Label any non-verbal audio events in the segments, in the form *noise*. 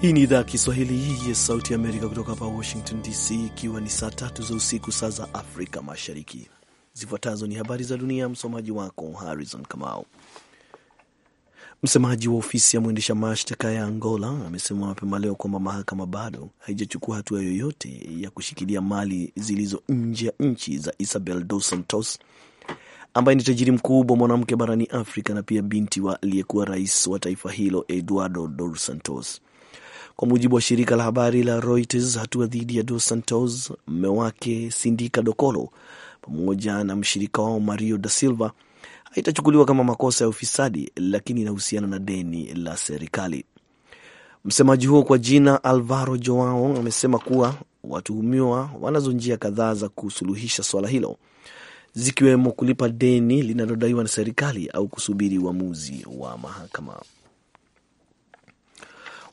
Hii ni idhaa ya Kiswahili ya Sauti Amerika kutoka hapa Washington DC, ikiwa ni saa tatu za usiku saa za Afrika Mashariki. Zifuatazo ni habari za dunia, msomaji wako Harrison Kamau. Msemaji wa ofisi ya mwendesha mashtaka ya Angola amesema mapema leo kwamba mahakama bado haijachukua hatua yoyote ya kushikilia mali zilizo nje ya nchi za Isabel Dos Santos ambaye ni tajiri mkubwa mwanamke barani Afrika na pia binti wa aliyekuwa rais wa taifa hilo Eduardo Dos Santos. Kwa mujibu wa shirika la habari la Reuters, hatua dhidi ya Dos Santos, mme wake Sindika Dokolo pamoja na mshirika wao Mario da Silva haitachukuliwa kama makosa ya ufisadi, lakini inahusiana na deni la serikali. Msemaji huo kwa jina Alvaro Joao amesema kuwa watuhumiwa wanazo njia kadhaa za kusuluhisha swala hilo, zikiwemo kulipa deni linalodaiwa na serikali au kusubiri uamuzi wa mahakama.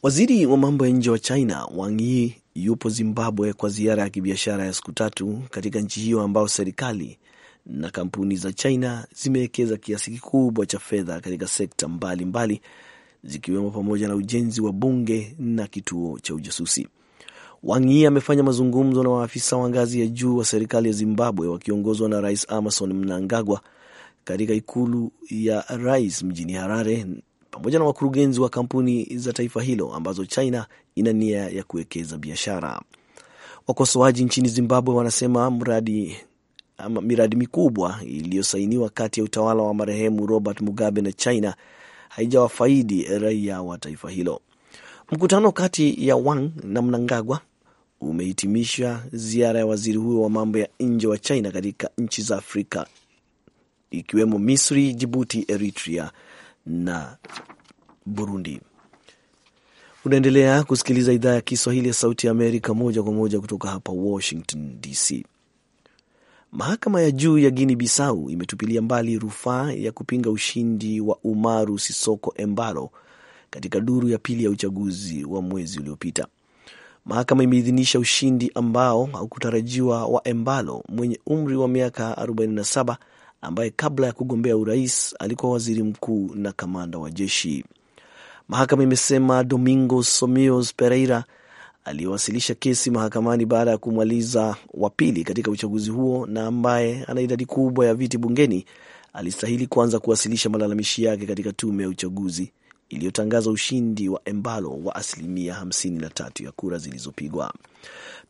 Waziri wa mambo ya nje wa China Wang Yi yupo Zimbabwe kwa ziara ya kibiashara ya siku tatu katika nchi hiyo ambayo serikali na kampuni za China zimewekeza kiasi kikubwa cha fedha katika sekta mbalimbali zikiwemo pamoja na ujenzi wa bunge na kituo cha ujasusi. Wang Yi amefanya mazungumzo na maafisa wa ngazi ya juu wa serikali ya Zimbabwe wakiongozwa na Rais Emmerson Mnangagwa katika ikulu ya rais mjini Harare pamoja na wakurugenzi wa kampuni za taifa hilo ambazo China ina nia ya kuwekeza biashara. Wakosoaji nchini Zimbabwe wanasema mradi miradi mikubwa iliyosainiwa kati ya utawala wa marehemu Robert Mugabe na China haijawafaidi raia wa taifa hilo. Mkutano kati ya Wang na Mnangagwa umehitimisha ziara ya waziri huyo wa mambo ya nje wa China katika nchi za Afrika ikiwemo Misri, Jibuti, Eritrea na Burundi. Unaendelea kusikiliza idhaa ya Kiswahili ya Sauti ya Amerika moja kwa moja kutoka hapa Washington DC. Mahakama ya juu ya Guinea Bissau imetupilia mbali rufaa ya kupinga ushindi wa Umaru Sisoko Embalo katika duru ya pili ya uchaguzi wa mwezi uliopita. Mahakama imeidhinisha ushindi ambao haukutarajiwa wa Embalo mwenye umri wa miaka 47 ambaye kabla ya kugombea urais alikuwa waziri mkuu na kamanda wa jeshi. Mahakama imesema Domingos somios Pereira aliyewasilisha kesi mahakamani baada ya kumaliza wa pili katika uchaguzi huo na ambaye ana idadi kubwa ya viti bungeni alistahili kwanza kuwasilisha malalamishi yake katika tume ya uchaguzi iliyotangaza ushindi wa Embalo wa asilimia 53 ya kura zilizopigwa.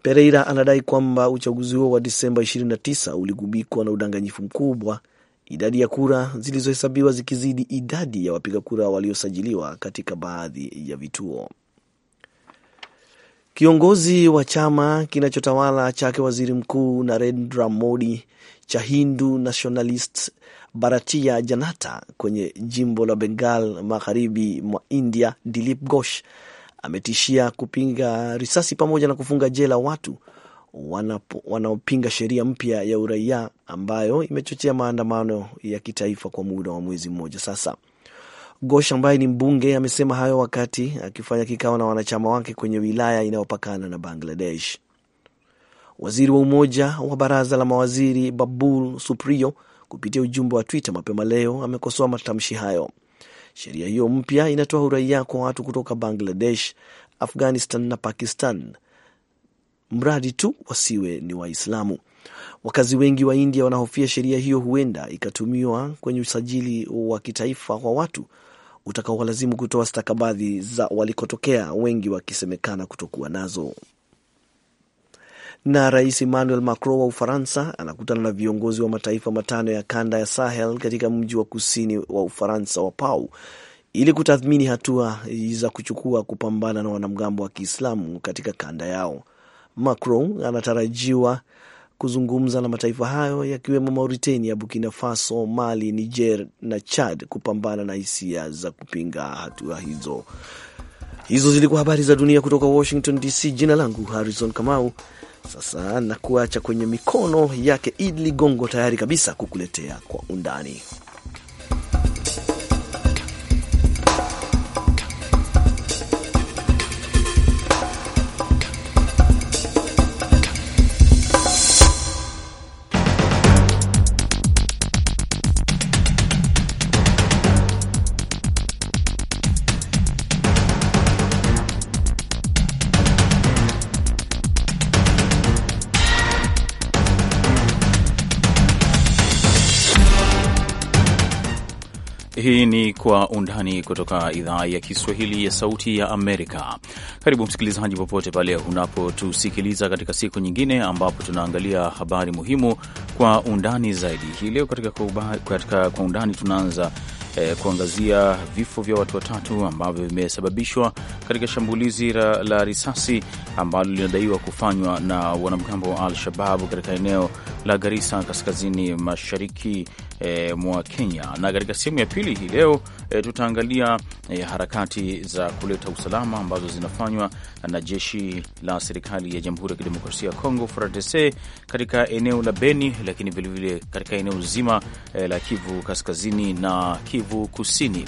Pereira anadai kwamba uchaguzi huo wa Disemba 29 uligubikwa na udanganyifu mkubwa, idadi ya kura zilizohesabiwa zikizidi idadi ya wapiga kura waliosajiliwa katika baadhi ya vituo. Kiongozi wa chama kinachotawala chake waziri mkuu Narendra Modi cha Hindu Nationalist Bharatiya Janata kwenye jimbo la Bengal magharibi mwa India, Dilip Ghosh ametishia kupinga risasi pamoja na kufunga jela watu wanaopinga sheria mpya ya uraia ambayo imechochea maandamano ya kitaifa kwa muda wa mwezi mmoja sasa. Ghosh ambaye ni mbunge amesema hayo wakati akifanya kikao na wanachama wake kwenye wilaya inayopakana na Bangladesh. Waziri wa Umoja wa Baraza la Mawaziri Babul Supriyo Kupitia ujumbe wa Twitter mapema leo, amekosoa matamshi hayo. Sheria hiyo mpya inatoa uraia kwa watu kutoka Bangladesh, Afghanistan na Pakistan, mradi tu wasiwe ni Waislamu. Wakazi wengi wa India wanahofia sheria hiyo huenda ikatumiwa kwenye usajili wa kitaifa wa watu utakaowalazimu kutoa stakabadhi za walikotokea, wengi wakisemekana kutokuwa nazo na Rais Emmanuel Macron wa Ufaransa anakutana na viongozi wa mataifa matano ya kanda ya Sahel katika mji wa kusini wa Ufaransa wa Pau ili kutathmini hatua za kuchukua kupambana na wanamgambo wa Kiislamu katika kanda yao. Macron anatarajiwa kuzungumza na mataifa hayo yakiwemo Mauritania, Burkina Faso, Mali, Niger na Chad kupambana na hisia za kupinga hatua hizo. Hizo zilikuwa habari za dunia kutoka Washington DC. Jina langu Harrison Kamau. Sasa nakuacha kwenye mikono yake Idli Gongo, tayari kabisa kukuletea kwa undani. Kwa Undani kutoka idhaa ya Kiswahili ya Sauti ya Amerika. Karibu msikilizaji, popote pale unapotusikiliza katika siku nyingine ambapo tunaangalia habari muhimu kwa undani zaidi. Hii leo katika, Kwa Undani tunaanza eh, kuangazia vifo vya watu watatu ambavyo vimesababishwa katika shambulizi la, la risasi ambalo linadaiwa kufanywa na wanamgambo wa Al-Shababu katika eneo la Garissa kaskazini mashariki E, mwa Kenya. Na katika sehemu ya pili hii leo e, tutaangalia e, harakati za kuleta usalama ambazo zinafanywa na jeshi la serikali ya Jamhuri ya Kidemokrasia ya Kongo FARDC katika eneo la Beni, lakini vilevile katika eneo zima e, la Kivu kaskazini na Kivu Kivu Kusini.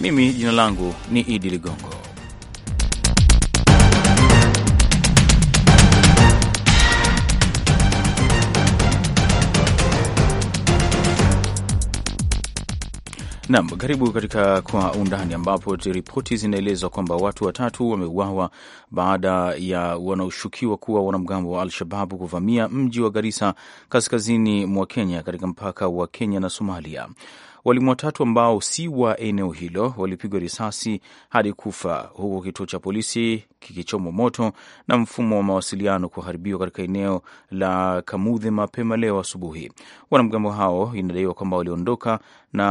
Mimi jina langu ni Idi Ligongo. Nam, karibu katika Kwa Undani, ambapo ripoti zinaeleza kwamba watu watatu wameuawa baada ya wanaoshukiwa kuwa wanamgambo wa Al-Shababu kuvamia mji wa Garisa kaskazini mwa Kenya, katika mpaka wa Kenya na Somalia. Walimu watatu ambao si wa eneo hilo walipigwa risasi hadi kufa, huku kituo cha polisi kikichomwa moto na mfumo wa mawasiliano kuharibiwa katika eneo la Kamudhe mapema leo asubuhi. Wanamgambo hao inadaiwa kwamba waliondoka na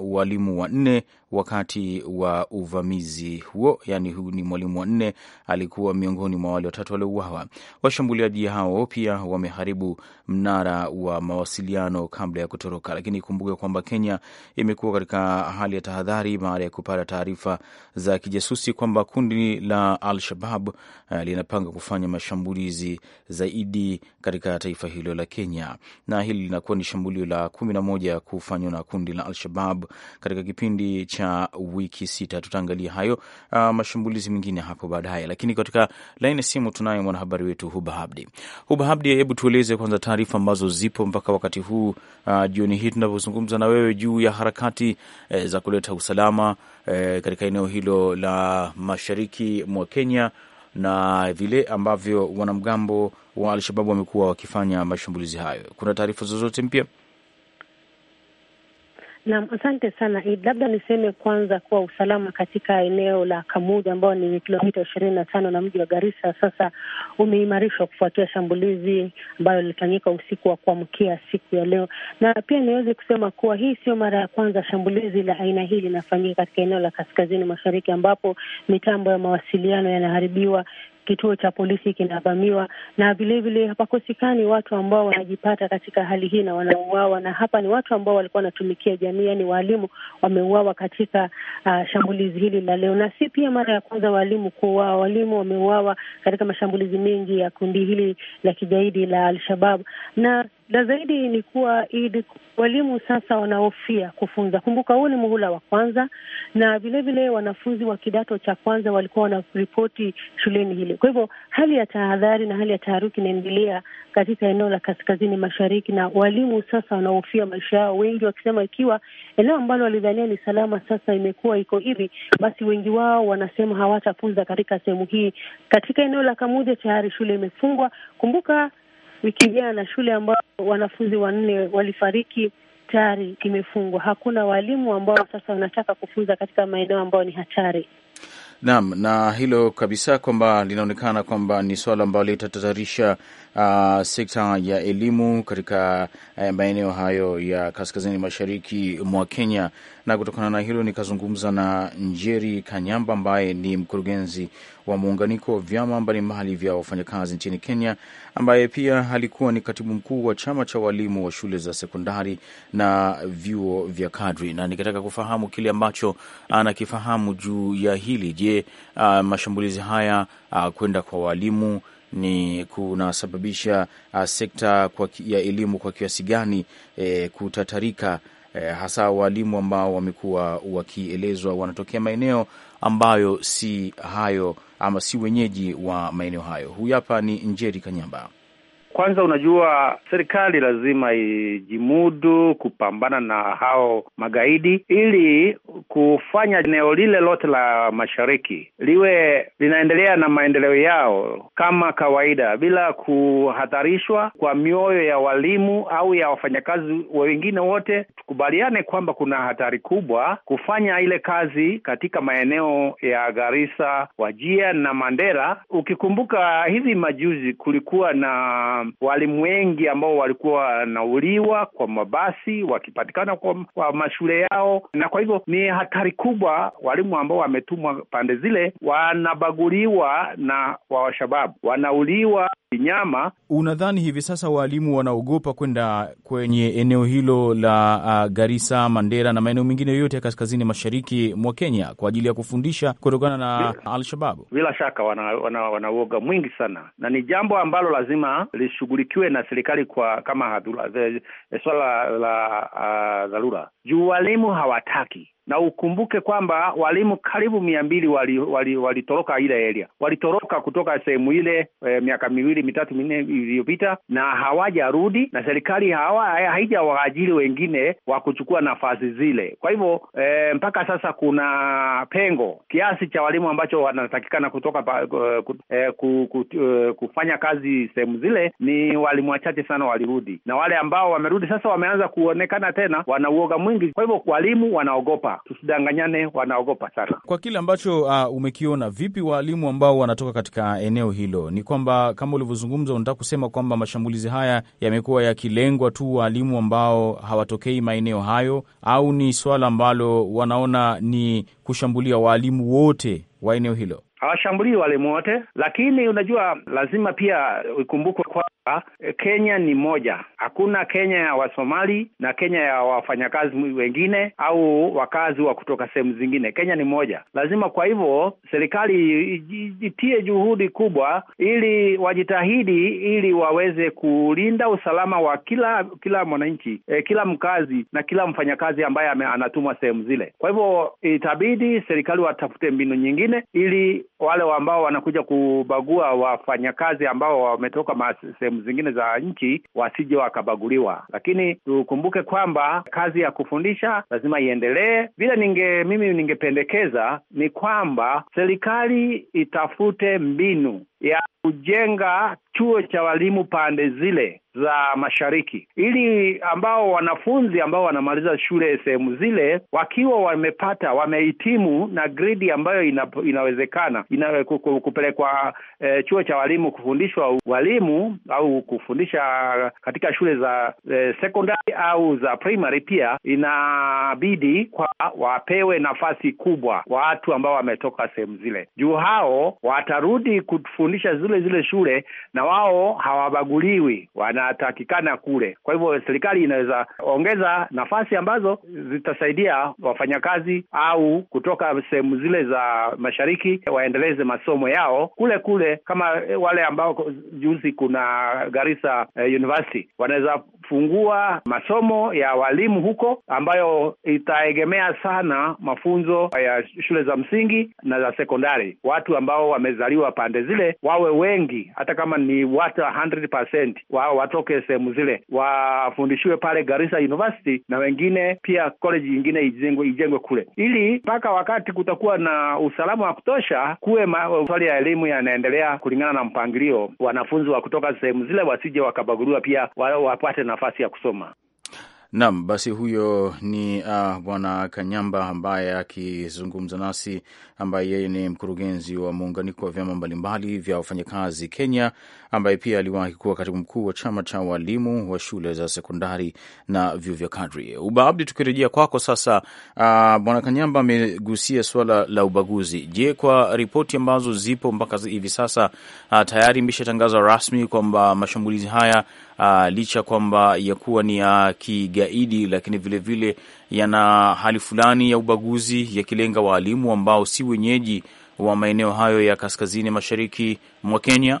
walimu wanne wakati wa uvamizi huo. Yani, huu ni mwalimu wa nne, alikuwa miongoni mwa wale watatu waliouawa. Washambuliaji hao pia wameharibu mnara wa mawasiliano kabla ya kutoroka, lakini kumbuke kwamba Kenya imekuwa katika hali ya tahadhari baada ya kupata taarifa za kijasusi kwamba kundi la Al-Shabab eh, linapanga kufanya mashambulizi zaidi katika taifa hilo la Kenya, na hili linakuwa ni shambulio la kumi na moja kufanywa na kundi la Al-Shabab katika kipindi cha wiki sita. Tutaangalia hayo uh, mashambulizi mengine hapo baadaye, lakini katika laini ya simu tunaye mwanahabari wetu Huba Habdi. Huba Habdi, hebu tueleze kwanza taarifa ambazo zipo mpaka wakati huu uh, jioni hii tunavyozungumza na wewe juu ya harakati eh, za kuleta usalama eh, katika eneo hilo la mashariki mwa Kenya na vile ambavyo wanamgambo wa Alshababu wamekuwa wakifanya mashambulizi hayo, kuna taarifa zozote mpya? Naam, asante sana. Labda niseme kwanza kuwa usalama katika eneo la Kamuja ambao ni kilomita ishirini na tano na mji wa Garissa sasa umeimarishwa kufuatia shambulizi ambayo lilifanyika usiku wa kuamkia siku ya leo, na pia niweze kusema kuwa hii sio mara ya kwanza shambulizi la aina hii linafanyika katika eneo la kaskazini mashariki, ambapo mitambo ya mawasiliano yanaharibiwa, kituo cha polisi kinavamiwa, na vilevile hapakosekani watu ambao wanajipata katika hali hii na wanauawa, na hapa ni watu ambao walikuwa wanatumikia jamii, yaani waalimu wameuawa katika uh, shambulizi hili la leo, na si pia mara ya kwanza waalimu kuuawa. Waalimu wameuawa katika mashambulizi mengi ya kundi hili la kigaidi la Alshabab na la zaidi ni kuwa Idi, walimu sasa wanahofia kufunza. Kumbuka huu ni muhula wa kwanza, na vilevile wanafunzi wa kidato cha kwanza walikuwa wanaripoti shuleni hili. Kwa hivyo hali ya tahadhari na hali ya taharuki inaendelea katika eneo la kaskazini mashariki, na walimu sasa wanahofia maisha yao, wengi wakisema ikiwa eneo ambalo walidhania ni salama sasa imekuwa iko hivi, basi wengi wao wanasema hawatafunza katika sehemu hii. Katika eneo la Kamuja tayari shule imefungwa. Kumbuka wiki jana shule ambayo wanafunzi wanne walifariki tayari kimefungwa. Hakuna walimu ambao sasa wanataka kufunza katika maeneo ambayo ni hatari. Naam, na hilo kabisa kwamba linaonekana kwamba ni swala ambalo litatatarisha uh, sekta ya elimu katika uh, maeneo hayo ya kaskazini mashariki mwa Kenya. Na kutokana na hilo nikazungumza na Njeri Kanyamba ambaye ni mkurugenzi wa muunganiko wa vyama mbalimbali vya wafanyakazi nchini Kenya, ambaye pia alikuwa ni katibu mkuu wa chama cha walimu wa shule za sekondari na vyuo vya kadri, na nikitaka kufahamu kile ambacho anakifahamu juu ya hili. Je, uh, mashambulizi haya uh, kwenda kwa walimu ni kunasababisha uh, sekta kwa, ya elimu kwa kiasi gani eh, kutatarika eh, hasa waalimu ambao wamekuwa wakielezwa wanatokea maeneo ambayo si hayo ama si wenyeji wa maeneo hayo. Huyu hapa ni Njeri Kanyamba. Kwanza unajua, serikali lazima ijimudu kupambana na hao magaidi ili kufanya eneo lile lote la mashariki liwe linaendelea na maendeleo yao kama kawaida bila kuhatarishwa kwa mioyo ya walimu au ya wafanyakazi wengine wote. Tukubaliane kwamba kuna hatari kubwa kufanya ile kazi katika maeneo ya Garissa, wajia na Mandera. Ukikumbuka hivi majuzi kulikuwa na walimu wengi ambao walikuwa wanauliwa kwa mabasi wakipatikana kwa, kwa mashule yao, na kwa hivyo ni hatari kubwa. Walimu ambao wametumwa pande zile wanabaguliwa na washababu wanauliwa kinyama Unadhani hivi sasa waalimu wanaogopa kwenda kwenye eneo hilo la uh, Garissa, Mandera na maeneo mengine yoyote ya kaskazini mashariki mwa Kenya kwa ajili ya kufundisha kutokana na al Bila shaka wanauoga wana, wana mwingi sana, na ni jambo ambalo lazima lishughulikiwe na serikali kwa kama hadhura, eh, eh, swala la uh, dharura juu walimu hawataki na ukumbuke kwamba walimu karibu mia mbili walitoroka wali, wali ile area, walitoroka kutoka sehemu ile e, miaka miwili mitatu minne iliyopita, na hawajarudi na serikali hawa eh, waajili wengine wa kuchukua nafasi zile. Kwa hivyo e, mpaka sasa kuna pengo kiasi cha walimu ambacho wanatakikana kutoka pa, e, ku, ku, kufanya kazi sehemu zile, ni walimu wachache sana walirudi, na wale ambao wamerudi sasa wameanza kuonekana tena, wana uoga mwingi. Kwa hivyo walimu wanaogopa tusidanganyane, wanaogopa sana. Kwa kile ambacho uh, umekiona, vipi waalimu ambao wanatoka katika eneo hilo? Ni kwamba kama ulivyozungumza, unataka kusema kwamba mashambulizi haya yamekuwa yakilengwa tu waalimu ambao hawatokei maeneo hayo, au ni swala ambalo wanaona ni kushambulia waalimu wote wa eneo hilo? hawashambuliwi walimu wote, lakini unajua, lazima pia ikumbukwe kwamba Kenya ni moja. Hakuna Kenya ya Wasomali na Kenya ya wafanyakazi wengine au wakazi wa kutoka sehemu zingine. Kenya ni moja, lazima. Kwa hivyo serikali itie juhudi kubwa, ili wajitahidi, ili waweze kulinda usalama wa kila kila mwananchi, eh, kila mkazi na kila mfanyakazi ambaye anatumwa sehemu zile. Kwa hivyo itabidi serikali watafute mbinu nyingine ili wale ambao wanakuja kubagua wafanyakazi ambao wametoka sehemu zingine za nchi wasije wakabaguliwa. Lakini tukumbuke kwamba kazi ya kufundisha lazima iendelee. Vile ninge mimi ningependekeza ni kwamba serikali itafute mbinu ya kujenga chuo cha walimu pande zile za mashariki, ili ambao wanafunzi ambao wanamaliza shule sehemu zile wakiwa wamepata wamehitimu na gredi ambayo ina, inawezekana ina, kupelekwa eh, chuo cha walimu kufundishwa walimu au kufundisha katika shule za eh, sekondari au za primary, pia inabidi kwa wapewe nafasi kubwa watu ambao wametoka sehemu zile juu, hao watarudi kufu wanafundisha zile zile shule na wao hawabaguliwi, wanatakikana kule. Kwa hivyo serikali inaweza ongeza nafasi ambazo zitasaidia wafanyakazi au kutoka sehemu zile za mashariki waendeleze masomo yao kule kule, kama wale ambao juzi kuna Garissa eh, University wanaweza fungua masomo ya walimu huko ambayo itaegemea sana mafunzo ya shule za msingi na za sekondari. Watu ambao wamezaliwa pande zile wawe wengi, hata kama ni watu 100% wao watoke sehemu zile wafundishiwe pale Garissa University na wengine pia college nyingine ijengwe ijengwe kule, ili mpaka wakati kutakuwa na usalama wa kutosha, kuwe maswali ya elimu yanaendelea kulingana na mpangilio, wanafunzi wa kutoka sehemu zile wasije wakabaguliwa, pia wao wapate nafasi ya kusoma. Naam, basi huyo ni uh, bwana Kanyamba ambaye akizungumza nasi, ambaye yeye ni mkurugenzi wa muunganiko wa vyama mbalimbali vya wafanyakazi Kenya, ambaye pia aliwahi kuwa katibu mkuu wa chama cha walimu wa shule za sekondari na vyuo vya kadri. Ubaabdi, tukirejea kwako sasa, uh, bwana Kanyamba amegusia suala la ubaguzi. Je, kwa ripoti ambazo zipo mpaka hivi sasa, uh, tayari imeshatangazwa rasmi kwamba mashambulizi haya uh, licha kwamba ya kuwa ni ya kigaidi, lakini vilevile yana hali fulani ya ubaguzi yakilenga waalimu ambao si wenyeji wa maeneo hayo ya kaskazini mashariki mwa Kenya?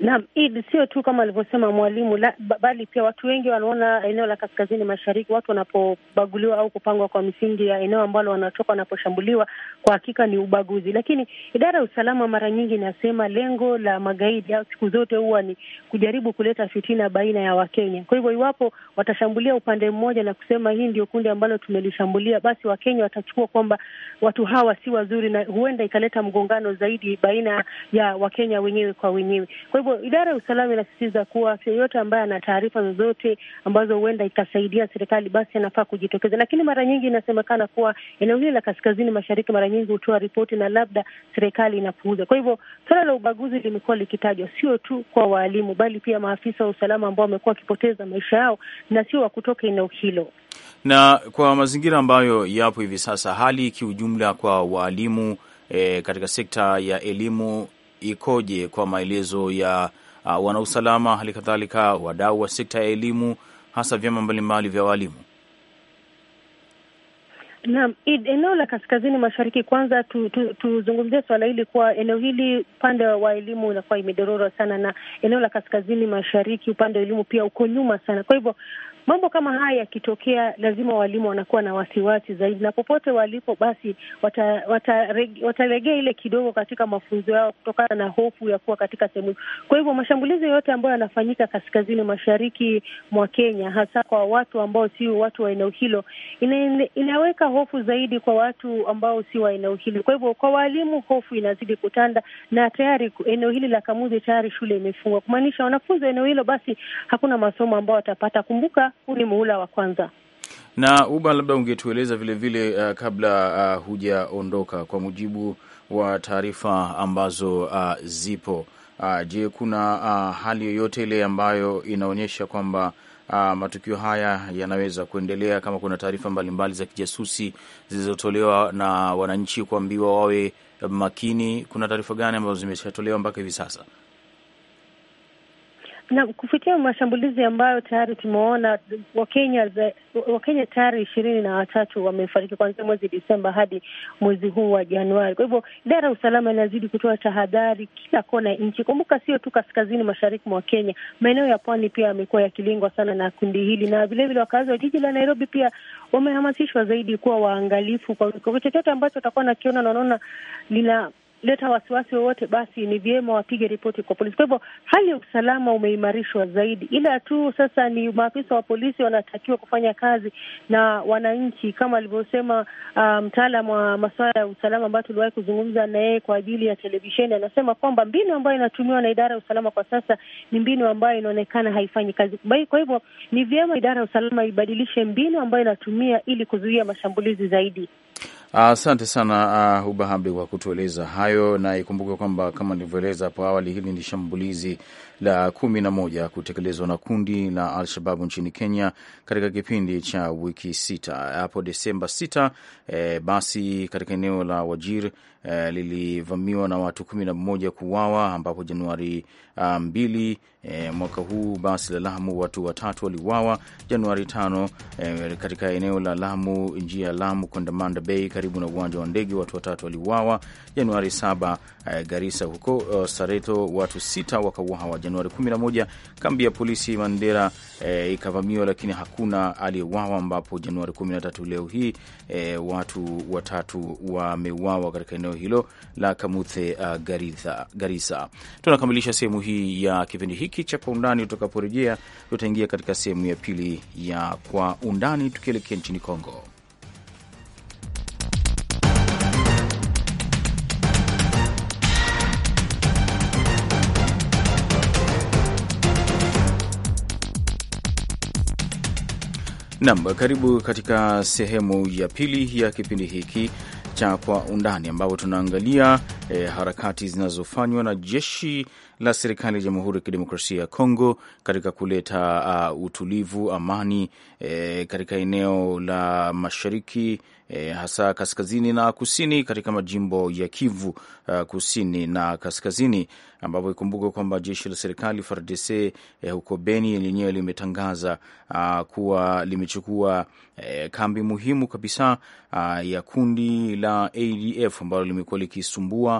Naam, hii sio tu kama alivyosema mwalimu la, bali pia watu wengi wanaona eneo la kaskazini mashariki, watu wanapobaguliwa au kupangwa kwa misingi ya eneo ambalo wanatoka, wanaposhambuliwa, kwa hakika ni ubaguzi. Lakini idara ya usalama mara nyingi inasema lengo la magaidi au siku zote huwa ni kujaribu kuleta fitina baina ya Wakenya. Kwa hivyo, iwapo watashambulia upande mmoja na kusema hii ndio kundi ambalo tumelishambulia, basi Wakenya watachukua kwamba watu hawa si wazuri, na huenda ikaleta mgongano zaidi baina ya Wakenya wenyewe kwa wenyewe. Kwa hivyo hivyo idara ya usalama inasisitiza kuwa afya yoyote ambaye ana taarifa zozote ambazo huenda ikasaidia serikali, basi anafaa kujitokeza. Lakini mara nyingi inasemekana kuwa eneo hili la kaskazini mashariki mara nyingi hutoa ripoti na labda serikali inapuuza. Kwa hivyo suala la ubaguzi limekuwa likitajwa sio tu kwa waalimu, bali pia maafisa wa usalama ambao wamekuwa wakipoteza maisha yao na sio wa kutoka eneo hilo na kwa mazingira ambayo yapo hivi sasa, hali kiujumla kwa waalimu e, katika sekta ya elimu ikoje kwa maelezo ya uh, wanausalama, hali kadhalika wadau wa sekta ya elimu, hasa vyama mbalimbali vya walimu? Naam, eneo la kaskazini mashariki, kwanza tuzungumzie tu, tu swala hili kuwa eneo hili upande wa elimu inakuwa imedorora sana, na eneo la kaskazini mashariki upande wa elimu pia uko nyuma sana. Kwa hivyo mambo kama haya yakitokea, lazima walimu wanakuwa na wasiwasi zaidi, na popote walipo, basi wataregea wata, wata ile kidogo katika mafunzo yao kutokana na hofu ya kuwa katika sehemu. Kwa hivyo mashambulizi yote ambayo yanafanyika kaskazini mashariki mwa Kenya, hasa kwa watu ambao sio watu wa eneo hilo, ina, inaweka hofu zaidi kwa watu ambao si wa eneo hili. Kwa hivyo kwa walimu hofu inazidi kutanda, na tayari eneo hili la Kamuzi tayari shule imefungwa, kumaanisha wanafunzi wa eneo hilo basi hakuna masomo ambao watapata. Kumbuka huu ni muhula wa kwanza na Uba, labda ungetueleza vilevile vile, uh, kabla uh, hujaondoka, kwa mujibu wa taarifa ambazo uh, zipo uh, je, kuna uh, hali yoyote ile ambayo inaonyesha kwamba uh, matukio haya yanaweza kuendelea kama kuna taarifa mbalimbali za kijasusi zilizotolewa na wananchi kuambiwa wawe makini. Kuna taarifa gani ambazo zimeshatolewa mpaka hivi sasa? na kufikia mashambulizi ambayo tayari tumeona Wakenya, Wakenya tayari ishirini na watatu wamefariki kuanzia mwezi Desemba hadi mwezi huu wa Januari. Kwa hivyo idara ya usalama inazidi kutoa tahadhari kila kona ya nchi. Kumbuka sio tu kaskazini mashariki mwa Kenya, maeneo ya pwani pia yamekuwa yakilingwa sana na kundi hili, na vilevile wakazi wa jiji la Nairobi pia wamehamasishwa zaidi kuwa waangalifu kwa chochote ambacho watakuwa nakiona na wanaona lina leta wasiwasi wowote, basi ni vyema wapige ripoti kwa polisi. Kwa hivyo hali ya usalama umeimarishwa zaidi, ila tu sasa ni maafisa wa polisi wanatakiwa kufanya kazi na wananchi, kama alivyosema uh, mtaalam um, wa masuala ya usalama ambayo tuliwahi kuzungumza na yeye kwa ajili ya televisheni. Anasema kwamba mbinu ambayo inatumiwa na idara ya usalama kwa sasa ni mbinu ambayo inaonekana haifanyi kazi. Kwa hivyo ni vyema idara ya usalama ibadilishe mbinu ambayo inatumia ili kuzuia mashambulizi zaidi. Asante sana uh, Ubahabi kwa kutueleza hayo, na ikumbuke kwamba kama nilivyoeleza hapo awali, hili ni shambulizi la kumi na moja kutekelezwa na kundi la Al-Shababu nchini Kenya katika kipindi cha wiki sita hapo Desemba sita. E, basi katika eneo la Wajir e, lilivamiwa na watu kumi na mmoja kuuawa, ambapo Januari ah, mbili um, E, mwaka huu basi la Lamu watu watatu waliuawa Januari tano e, katika eneo la Lamu, njia ya Lamu kwenda Manda Bay karibu na uwanja wa ndege, watu watatu waliuawa Januari saba e, Garisa huko e, Sareto watu sita wakauawa Januari 11 kambi ya polisi Mandera e, ikavamiwa lakini hakuna aliyeuawa, ambapo Januari 13 leo hii e, watu watatu wameuawa katika eneo hilo la Kamuthe uh, e, Garisa. Tunakamilisha sehemu hii ya kipindi hiki hiki cha Kwa Undani. Tutakaporejea tutaingia katika sehemu ya pili ya Kwa Undani, tukielekea nchini Kongo. Nam, karibu katika sehemu ya pili ya kipindi hiki cha Kwa Undani, ambapo tunaangalia e, harakati zinazofanywa na jeshi la serikali ya Jamhuri ya Kidemokrasia ya Kongo katika kuleta uh, utulivu, amani e, katika eneo la mashariki e, hasa kaskazini na kusini katika majimbo ya Kivu uh, kusini na kaskazini, ambapo ikumbuka kwamba jeshi la serikali FARDC eh, huko Beni lenyewe limetangaza uh, kuwa limechukua eh, kambi muhimu kabisa uh, ya kundi la ADF ambalo limekuwa likisumbua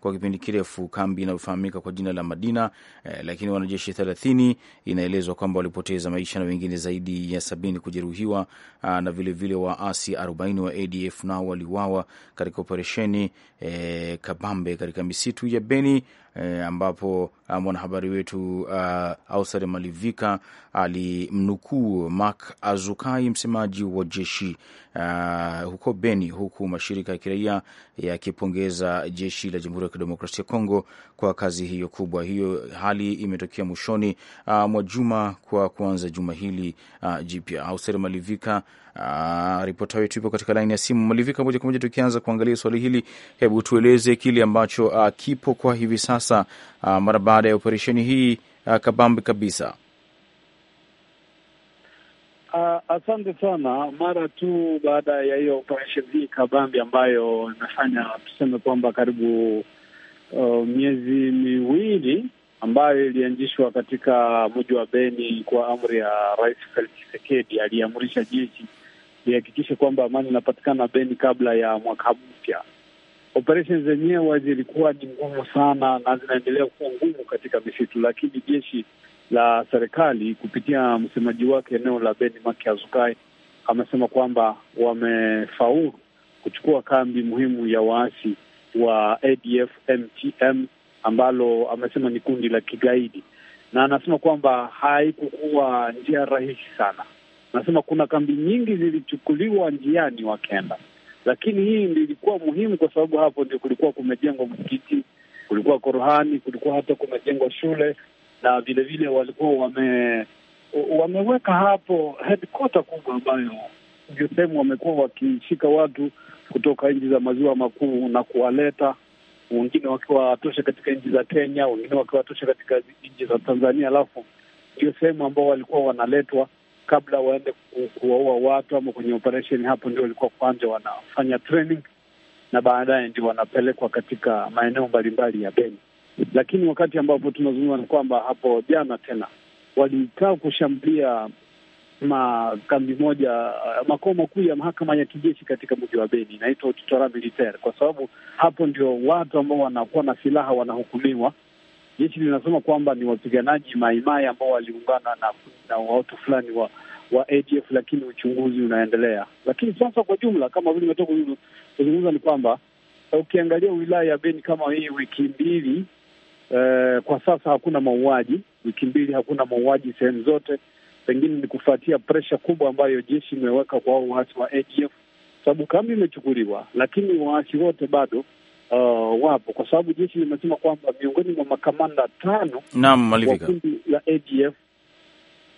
kwa kipindi kirefu kambi inayofahamika kwa jina la Madina eh, lakini wanajeshi thelathini inaelezwa kwamba walipoteza maisha na wengine zaidi ya sabini kujeruhiwa, ah, na vilevile waasi arobaini wa ADF nao waliuawa katika operesheni eh, kabambe katika misitu ya Beni eh, ambapo ah, mwanahabari wetu uh, ah, Ausare Malivika alimnukuu Mak Azukai, msemaji wa jeshi uh, huko Beni, huku mashirika ya kiraia yakipongeza jeshi la Jamhuri ya Kidemokrasia Kongo kwa kazi hiyo kubwa. Hiyo hali imetokea mwishoni uh, mwa juma kwa kuanza juma hili uh, jipya. Auser Malivika, uh, ripota wetu ipo katika laini ya simu. Malivika, moja kwa moja tukianza kuangalia swali hili, hebu tueleze kile ambacho uh, kipo kwa hivi sasa uh, mara baada ya operesheni hii uh, kabambi kabisa. Uh, asante sana. Mara tu baada ya hiyo operesheni hii kabambi ambayo imefanya tuseme kwamba karibu uh, miezi miwili ambayo ilianzishwa katika mji wa Beni kwa amri ya Rais Felix Tshisekedi, aliyeamrisha jeshi lihakikishe kwamba amani inapatikana Beni kabla ya mwaka mpya. Operesheni zenyewe zilikuwa ni ngumu sana na zinaendelea kuwa ngumu katika misitu, lakini jeshi la serikali kupitia msemaji wake eneo la Beni Maki Azukai amesema kwamba wamefaulu kuchukua kambi muhimu ya waasi wa ADF MTM ambalo amesema ni kundi la kigaidi, na anasema kwamba haikukuwa njia rahisi sana. Anasema kuna kambi nyingi zilichukuliwa njiani wakenda, lakini hii ndilikuwa ilikuwa muhimu kwa sababu hapo ndio kulikuwa kumejengwa msikiti, kulikuwa korohani, kulikuwa hata kumejengwa shule na vilevile walikuwa wame wameweka hapo headquarter kubwa ambayo ndio sehemu wamekuwa wakishika watu kutoka nchi za maziwa makuu na kuwaleta wengine wakiwa watosha katika nchi za Kenya, wengine wakiwa watosha katika nchi za Tanzania, alafu ndio sehemu ambao walikuwa wanaletwa kabla waende kuwaua watu ama kwenye operesheni. Hapo ndio walikuwa kwanza wanafanya training na baadaye ndio wanapelekwa katika maeneo mbalimbali ya Beni. Lakini wakati ambapo tunazungumza ni kwamba hapo jana tena walikaa kushambulia makambi moja moja uh, makao makuu ya mahakama ya kijeshi katika mji wa Beni inaitwa Tutora Militaire, kwa sababu hapo ndio watu ambao wanakuwa na silaha wanahukumiwa. Jeshi linasema kwamba ni wapiganaji maimai ambao waliungana na, na watu fulani wa wa ADF, lakini uchunguzi unaendelea. Lakini sasa kwa jumla, kama vile imetoka kuzungumza, ni kwamba uh, ukiangalia wilaya ya Beni kama hii wiki mbili eh, kwa sasa hakuna mauaji. Wiki mbili hakuna mauaji sehemu zote pengine ni kufuatia presha kubwa ambayo jeshi imeweka kwa hao waasi wa ADF, sababu kambi imechukuliwa, lakini waasi wote bado uh, wapo, kwa sababu jeshi limesema kwamba miongoni mwa makamanda tano wa kundi la ADF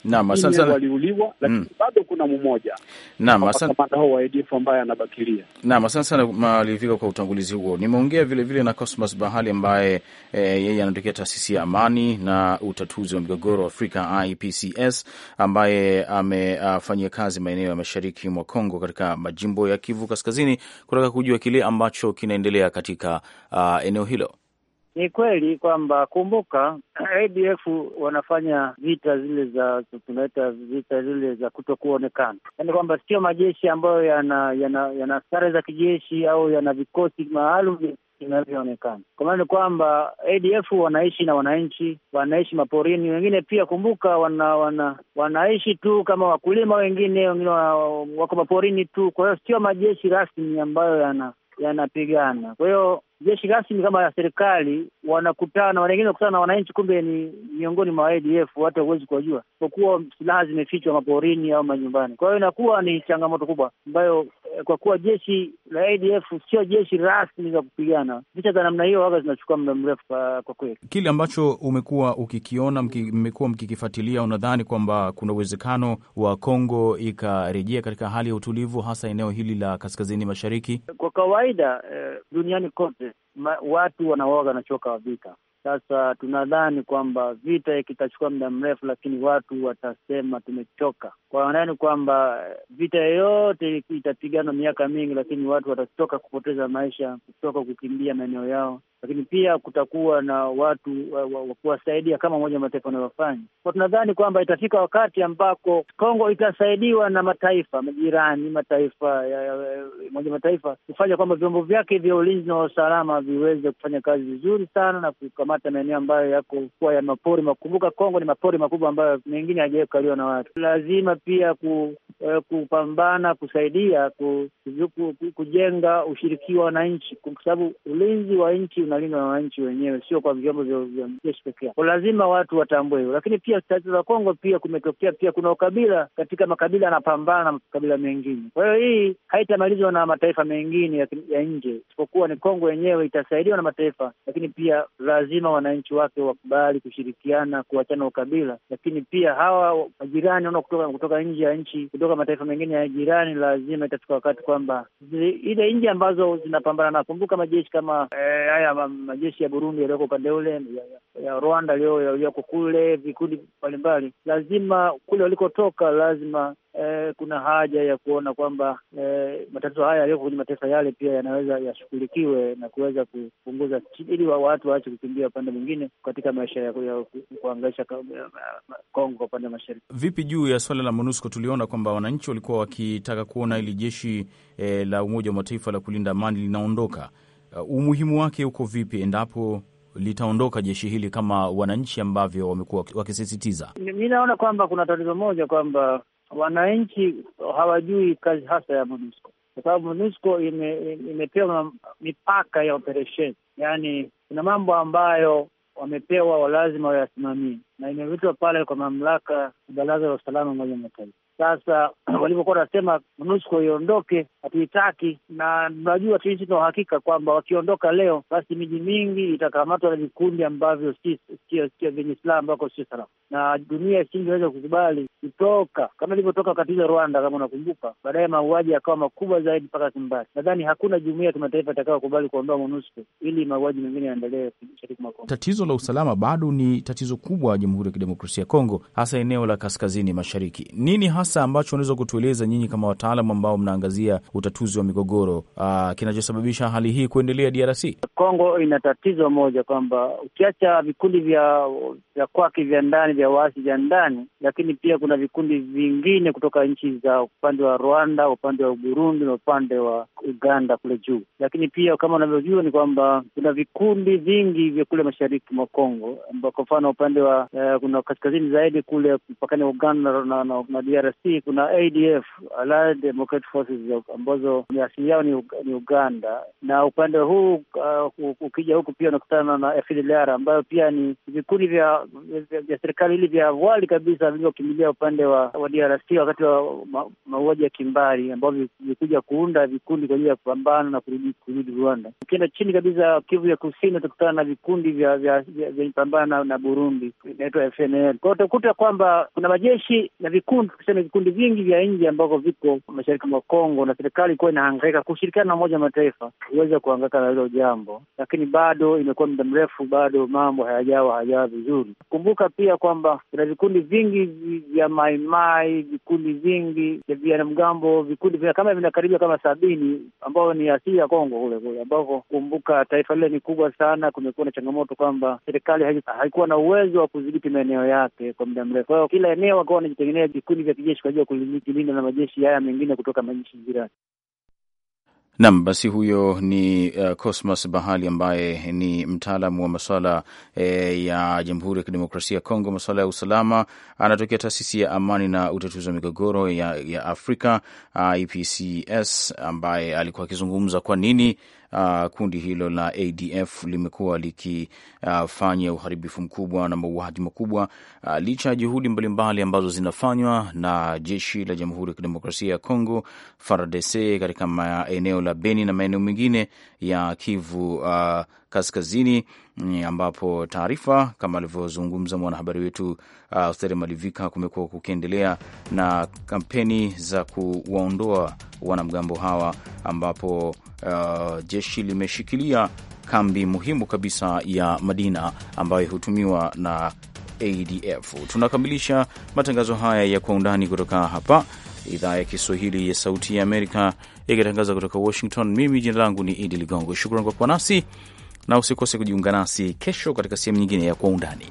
Naam, asante sana. Waliuliwa lakini mm. bado kuna mmoja. Naam, asante sana hao wa ADF ambaye anabakilia. Naam, asante sana Malivika kwa utangulizi huo. Nimeongea vile vile na Cosmas Bahali ambaye e, yeye anatokea taasisi ya amani na utatuzi wa migogoro Afrika IPCS ambaye amefanyia kazi maeneo ya mashariki mwa Kongo katika majimbo ya Kivu Kaskazini kutaka kujua kile ambacho kinaendelea katika uh, eneo hilo. Ni kweli kwamba kumbuka, ADF wanafanya vita zile za tunaita vita zile za kutokuonekana, yaani kwamba sio majeshi ambayo yana yana, yana sare za kijeshi au yana vikosi maalum vinavyoonekana. Kwa maana ni kwamba ADF wanaishi na wananchi, wanaishi maporini, wengine pia kumbuka, wana, wana wanaishi tu kama wakulima wengine, wengine wako maporini tu. Kwa hiyo sio majeshi rasmi ambayo yana yanapigana. Kwa hiyo jeshi rasmi kama la serikali wanakutana, wengine wanakutana na wananchi, kumbe ni miongoni mwa ADF, watu huwezi kuwajua, isipokuwa silaha zimefichwa maporini au manyumbani. Kwa hiyo inakuwa ni changamoto kubwa ambayo, eh, kwa kuwa jeshi la ADF sio jeshi rasmi za kupigana, vicha za namna hiyo waga zinachukua muda mrefu. Kwa kweli, kile ambacho umekuwa ukikiona, mmekuwa mki, mkikifuatilia, unadhani kwamba kuna uwezekano wa Kongo ikarejea katika hali ya utulivu, hasa eneo hili la kaskazini mashariki? Kwa kawaida eh, duniani kote watu wanaoga wanachoka choka wa vita. Sasa tunadhani kwamba vita ikitachukua muda mrefu, lakini watu watasema tumechoka. Kwa nadhani kwamba eh, vita yoyote itapiganwa miaka mingi, lakini watu watachoka kupoteza maisha, kutoka kukimbia maeneo yao, lakini pia kutakuwa na watu kuwasaidia kama Umoja wa Mataifa unavyofanya. Kwa tunadhani kwamba itafika wakati ambako Kongo itasaidiwa na mataifa majirani, mataifa ya Umoja wa Mataifa kufanya kwamba vyombo vyake vya ulinzi na usalama viweze kufanya kazi vizuri sana na kukamata maeneo ambayo yako kuwa ya mapori makumbuka, Kongo ni mapori makubwa ambayo mengine hajawahi kukaliwa na watu. Lazima pia ku, eh, kupambana kusaidia ku, kujenga ushiriki wa wananchi, kwa sababu ulinzi wa nchi unalindwa na wananchi wenyewe, sio kwa vyombo vya jeshi pekee. Lazima watu watambue, lakini pia tatizo la Kongo pia kumetokea pia kuna ukabila katika makabila yanapambana na makabila mengine. Kwa hiyo hii haitamalizwa na mataifa mengine ya, ya nje, isipokuwa ni Kongo yenyewe itasaidiwa na mataifa, lakini pia lazima lazima wananchi wake wakubali kushirikiana, kuachana ukabila. Lakini pia hawa majirani una kutoka, kutoka nje ya nchi, kutoka mataifa mengine ya jirani, lazima itafika wakati kwamba ile nchi ambazo zinapambana. na kumbuka majeshi kama eh, haya eh, majeshi ya Burundi yaliyoko upande ule ya, ya Rwanda yaliyoko kule, vikundi mbalimbali, lazima kule walikotoka lazima eh, kuna haja ya kuona kwamba eh, matatizo haya yaliyoko kwenye mataifa yale pia yanaweza yashughulikiwe na kuweza kupunguza ili wa watu waache kukimbia upande mwingine katika maisha ya kuangaisha Kongo kwa upande wa mashariki. Vipi juu ya swala la MONUSCO? Tuliona kwamba wananchi walikuwa wakitaka kuona ili jeshi eh, la Umoja wa Mataifa la kulinda amani linaondoka. Uh, umuhimu wake uko vipi endapo litaondoka jeshi hili kama wananchi ambavyo wamekuwa wakisisitiza? Mi naona kwamba kuna tatizo moja kwamba wananchi hawajui kazi hasa ya MONUSCO kwa sababu MONUSCO imepewa ime mipaka ya operesheni, yaani kuna mambo ambayo wamepewa, lazima wayasimamie na imevitwa pale kwa mamlaka ya Baraza la Usalama Umoja Mataifa. Sasa *clears throat* walivyokuwa wanasema MONUSCO iondoke, hatuitaki, na tunajua sisi na uhakika kwamba wakiondoka leo, basi miji mingi itakamatwa na vikundi ambavyo sio vyenye silaha ambako sio salama, na dunia isingeweza kukubali kutoka kama ilivyotoka katiza Rwanda, kama unakumbuka, baadaye mauaji yakawa makubwa zaidi mpaka Zimbabwe. Nadhani hakuna jumuia ya kimataifa itakayokubali kuondoa MONUSCO ili mauaji mengine yaendelee Tatizo la usalama bado ni tatizo kubwa Jamhuri ya Kidemokrasia ya Kongo, hasa eneo la kaskazini mashariki. Nini hasa hasa ambacho unaweza kutueleza nyinyi kama wataalam ambao mnaangazia utatuzi wa migogoro aa, uh, kinachosababisha hali hii kuendelea DRC? Kongo ina tatizo moja kwamba ukiacha vikundi vya vya kwake vya ndani vya waasi vya ndani, lakini pia kuna vikundi vingine kutoka nchi za upande wa Rwanda, upande wa Burundi na upande wa Uganda kule juu. Lakini pia kama unavyojua ni kwamba kuna vikundi vingi vya kule mashariki mwa Kongo, kwa mfano upande wa eh, kuna kaskazini zaidi kule mpakani wa Uganda na, na, na, na DRC DRC kuna ADF, Allied Democratic Forces, ambazo asili yao ni, ni Uganda, na upande huu uh, ukija huku pia unakutana na FDLR ambayo pia ni vikundi vya, vya, vya serikali hili vya awali kabisa vilivyokimbilia upande wa, wa DRC wakati wa mauaji ya kimbari, ambao vilikuja kuunda vikundi kwa ajili ya kupambana na kurudi kurudi Rwanda. Ukienda chini kabisa Kivu ya Kusini utakutana na vikundi vya vyenye pambana na Burundi, inaitwa FNL. Kwa utakuta kwamba kuna majeshi na vikundi tuseme vikundi vingi vya nje ambavyo viko mashariki mwa Kongo, na serikali kuwa inahangaika kushirikiana na Umoja wa Mataifa huweza kuhangaika na hilo jambo, lakini bado imekuwa muda mrefu, bado mambo hayajawa hayajawa vizuri. Kumbuka pia kwamba kuna vikundi vingi vya maimai, vikundi vingi vya vianamgambo, vikundi vya kama vinakaribia kama sabini ambao ni asili ya Kongo kule kule, ambao kumbuka taifa lile ni kubwa sana. Kumekuwa na changamoto kwamba serikali haikuwa na uwezo wa kudhibiti maeneo yake kwa muda mrefu, kwa hiyo kila eneo wakawa wanajitengenea vikundi vya majeshi kwa ajili ya kujilinda na majeshi haya mengine kutoka majeshi jirani. Nam, basi huyo ni uh, Cosmas Bahali ambaye ni mtaalamu wa masuala eh, ya Jamhuri ya Kidemokrasia ya Kongo, masuala ya usalama. Anatokea taasisi ya amani na utatuzi wa migogoro ya, ya Afrika uh, IPCS, ambaye alikuwa akizungumza kwa nini uh, kundi hilo la ADF limekuwa likifanya uh, uharibifu mkubwa na mauaji makubwa uh, licha ya juhudi mbalimbali ambazo zinafanywa na jeshi la Jamhuri ya Kidemokrasia ya Kongo FARDC katika maeneo la Beni na maeneo mengine ya Kivu uh, Kaskazini, mm, ambapo taarifa kama alivyozungumza mwanahabari wetu uh, uh, Malivika, kumekuwa kukiendelea na kampeni za kuwaondoa wanamgambo hawa, ambapo uh, jeshi limeshikilia kambi muhimu kabisa ya Madina ambayo hutumiwa na ADF. Tunakamilisha matangazo haya ya kwa undani kutoka hapa idhaa ya Kiswahili ya Sauti ya Amerika ikitangaza kutoka Washington. Mimi jina langu ni Idi Ligongo, shukran kwa kuwa nasi na usikose kujiunga nasi kesho katika sehemu nyingine ya Kwa Undani.